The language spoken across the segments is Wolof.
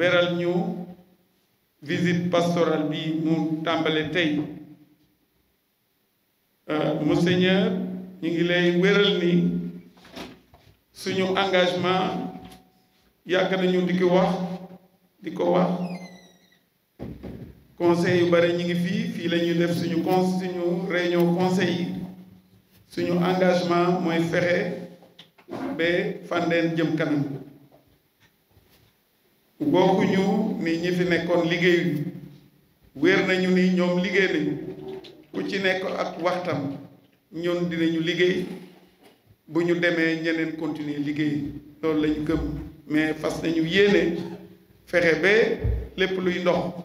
beral ñu visite pastorale bi mu tàmbale tey euh, monseigneur ñu ngi lay wéral ni suñu engagement yàgg nañu di ko wax di ko wax conseil yu bari ñu ngi fii fii la ñuy def suñu con suñu réunion conseil yi suñu engagement mooy fexe ba Fandène jëm kanam ñu ni ñi fi nekkoon liggéeyuñu wér nañu ni ñoom liggéey nañu ku ci nekk ak waxtam ñun dinañu liggéey bu ñu demee ñeneen continuer liggéey loolu lañu gëm mais fas nañu yéene fexe ba lépp luy ndox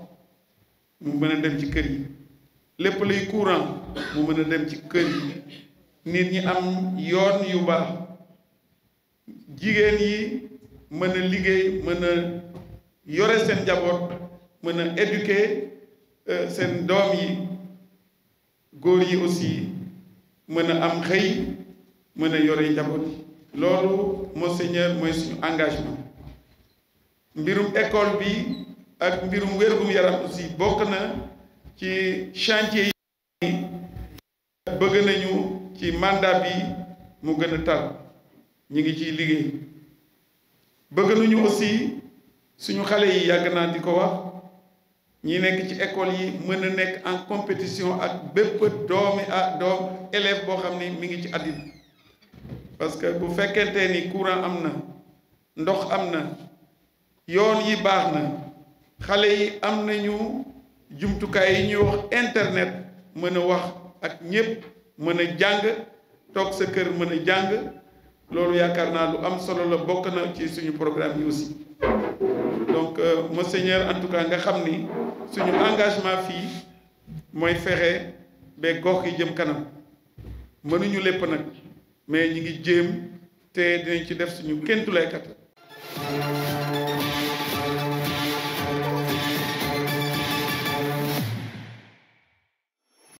mu mën a dem ci kër yi lépp luy courant mu mën a dem ci kër yi nit ñi am yoon yu baax jigéen yi mën a liggéey mën a yore seen njaboot mën a éduquer euh, seen doom yi góor yi aussi mën a am xëy mën a yore njaboot yi loolu monseigneur mooy suñu engagement mbirum école bi ak mbirum wérgum yaram aussi bokk na ci chantier yi bëgg nañu ci mandat bi mu gën a tar ñu ngi ciy liggéey bëgg nañu aussi suñu xale yi yàgg naa di ko wax ñi nekk ci école yi mën a nekk en compétition ak bépp doomi ah doom élève boo xam ni mi ngi ci àddina parce que bu fekkente ni courant am na ndox am na yoon yi baax na xale yi am na ñu jumtukaay yi ñuy wax internet mën a wax ak ñépp mën a jàng toog sa kër mën a jàng loolu yaakaar naa lu am solo la bokk na ci suñu programme yi aussi donc euh, monseigneur en tout cas nga xam ni suñu engagement fii mooy fexe ba gox yi jëm kanam mënuñu lépp nag mais ñi ngi jéem te dinañ ci def suñu kéntu lay